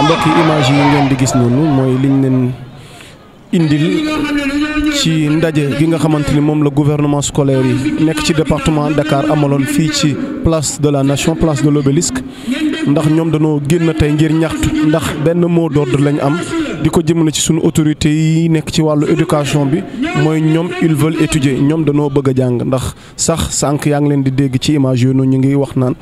voilà mbokki image yi ngeen di gis noonu mooy liñ neen indil ci ndaje gi nga xamante ni moom la gouvernement scolaire yi nekk ci département Dakar amaloon fii ci place de la nation place de l'obélisque ndax ñoom dañoo génn tey ngir ñaxtu ndax benn mot d'ordre lañ am di ko jëmale ci suñu autorité yi nekk ci wàllu éducation bi mooy ñoom ils veulent ñoom danoo bëgg a jàng ndax sax sànq yaa ngi leen di dégg ci image yooyu noonu ñu ngi wax naan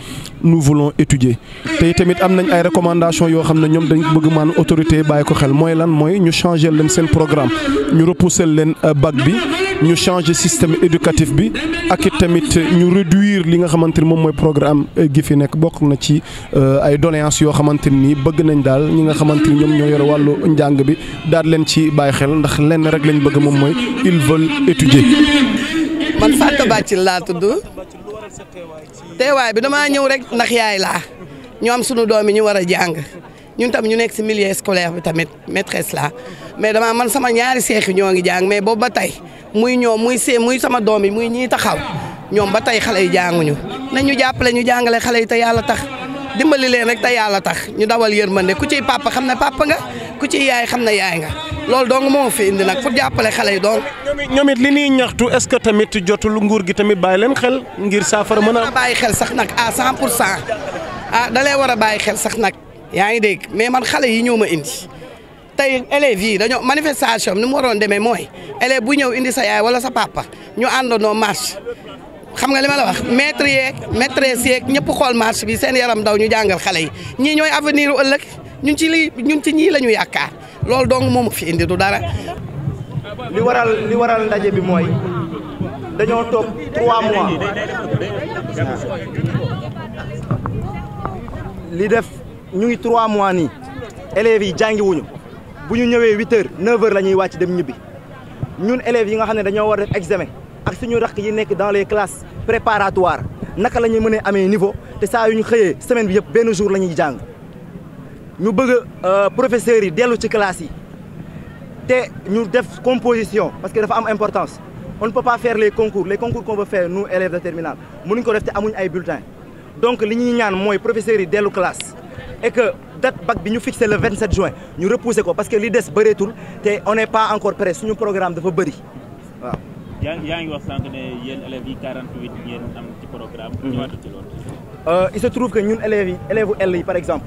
nous voulons étudier te tamit am nañ ay recommandations yoo xam ne ñoom dañu bëgg maan autorités yi bàyyi ko xel mooy lan mooy ñu changer leen seen programme ñu repousser leen euh, bac bi. ñu changer système éducatif bi ak it tamit ñu réduire li nga xamante ni moom mooy programme euh, gi fi nekk bokk na ci euh, ay doléances yoo xamante ni bëgg nañ daal ñi nga xamante ni ñoom ñoo yore wàllu njàng bi daal leen ci bàyyi xel ndax lenn rek lañ bëgg moom mooy ils veulent étudier. man Fatou Bàcc laa tudd teewaay bi damaa ñëw rek ndax yaay laa ñoom sunu doom yi ñu war a jàng. ñun tam ñu nekk si milieu scolaire bi tamit maîtresse la mais dama man sama ñaari seexi ñoo ngi jàng mais boobu ba tey muy ñoom muy see muy sama doom yi muy ñii taxaw ñoom ba tey xale yi jànguñu nañ ñu jàppale ñu jàngale xale yi te yàlla tax dimbali leen rek te yàlla tax ñu dawal yërmande ku ciy papa xam ne papa nga ku ciy yaay xam na yaay nga loolu doon moo fi indi nag pour jàppale xale yi donc. ñoom it li ñuy ñaxtu est-ce que tamit jotul nguur gi tamit bàyyi leen xel ngir saafara mën a. bàyyi xel sax nag à 100 pour cent ah da lay war a bàyyi xel sax nag. yaa ngi dégg mais man xale yi ñoo ma indi tey élèves yi dañoo manifestation ni mu waroon demee mooy élève bu ñëw indi sa yaay wala sa papa ñu àndandoo marche xam nga li ma la wax maître yeeg maîtresse yeeg ñëpp xool marche bi seen yaram daw ñu jàngal xale yi ñii ñooy avenir u ëllëg ñun ci lii ñun ci ñii la ñu yaakaar loolu dong moom fi indi du dara. li waral li waral ndaje bi mooy dañoo toog trois ñu ngi trois mois nii élèves yi jàngiwuñu bu ñu ñëwee huit heures neuf heures ñuy wàcc dem ñibbi ñun élèves yi nga xam ne dañoo war def examen ak ñu rakk yi nekk dans les classes préparatoires naka la ñuy mën a amee niveau te saa yu ñu xëyee semaine bi yëpp benn jour lañuy ñuy jàng ñu bëgg euh, professeurs yi dellu ci classe yi te ñu def composition parce que dafa am importance on ne peut pas faire les concours les concours qu'on veut de terminale mënuñ ko def te amuñ ay bulletins donc li ñuy ñaan mooy professeurs yi dellu classe. et que date bac bi ñu fixé vingt 27 juin ñu repousser ko parce que li des bëreetul te on n'est pas encore prêt suñu programme dafa bari waaw. yaa ngi yaa ngi wax sànq ne yéen élèves yi 48 ngeen mhm. euh, ñun élèves yi élèves L yi par exemple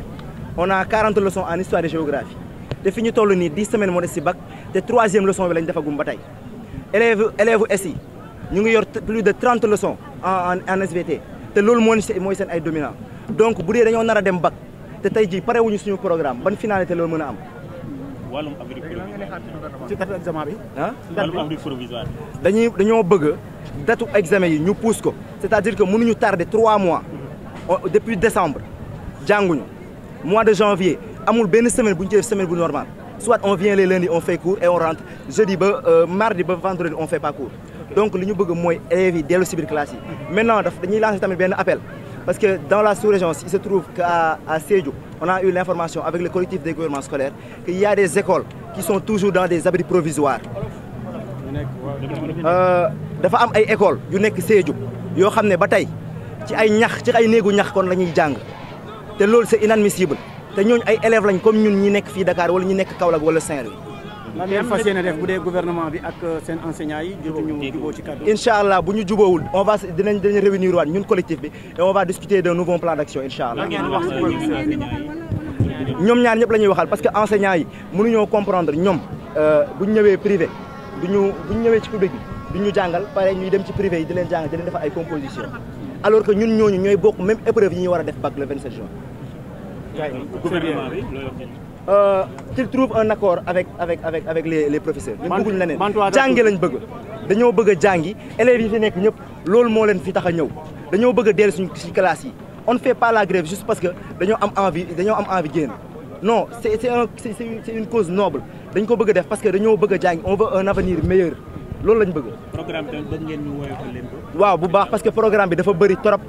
on a 40 leçons en histoire et géographie te fi ñu toll nii 10 semaines moo des si bac te troisième leçon bi lañ defagum ba tey élèves élèves S ñu ngi yor plus de 30 leçons en en te loolu moo mooy seen ay dominant donc bu dee dañoo nara dem bac. te tey jii pare wuñu suñu programme ban finalité loolu mën a am. wàllum abri bi. ah wàllum dañuy dañoo bëgg datu examen yi ñu pousse ko c'est-à-dire que mënuñu tarder trois mois mm-hmm. oh, depuis décembre jànguñu mois de janvier amul benn semaine bu ñu ci def semaine bu normal soit on vient les lundis on fait cours et on rentre jeudi ba euh, mardi ba vendredi on fait pas cours donc li ñu bëgg mooy élèves yi dellu si biir classe yi mm-hmm. maintenant daf dañuy lancer tamit benn appel Parce que dans la sous-région, il se trouve qu'à à, à Sédou, on a eu avec le collectif des gouvernements scolaires qu'il y des écoles qui sont toujours dans des abris provisoires. Euh, dafa am ay écoles yu nekk Sédhiou yoo xam ne ba tey ci ay ñax ci ay néegu ñax kon la ñuy jàng te loolu c'est inadmissible te ñooñu ay élève lañ comme ñun ñi nekk fii Dakar wala ñi nekk Kaolack wala Saint-Louis lan ngeen fas yéene def dee gouvernement bi ak euh, seen enseignants yi jotuñu juboo ci kàddu incha allah bu ñu juboowul ñun collectif bi et on va ñoom ñaar ñëpp la ñuy waxal parce que enseignants yi mënuñoo comprendre ñoom euh, bu ñu ñëwee privé duñu bu ñu ñëwee ci public bi ñu jàngal pare ñuy dem ci privé yi di leen jàngal di defal ay composition alors que ñun ñooñu ñooy bokk même épreuve yi ñuy war a def bac le 27 juin euh, qu'il trouve un accord avec avec avec avec les les professeurs. ñun bëgguñu leneen jàngi lañ bëgg. dañoo bëgg a jàngi élèves yi fi nekk ñëpp loolu moo leen fi tax a ñëw dañoo bëgg a dellu suñu ci classe yi on ne fait pas juste parce que dañoo am envie dañoo am envie génn non c'est un c'est une cause noble dañ ko bëgg a def parce que dañoo bëgg a jàngi on veut un avenir meilleur loolu lañ bëgg. programme tamit bëgg ngeen ñu leen waaw bu baax parce que programme bi dafa bëri trop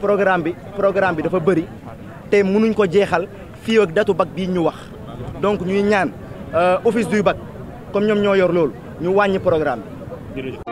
programme bi programme bi dafa bëri te mënuñ ko jeexal fii ak datu bac bii ñu wax donc ñuy ñaan euh, office du bac comme ñoom ñoo yor loolu ñu wàññi programme bi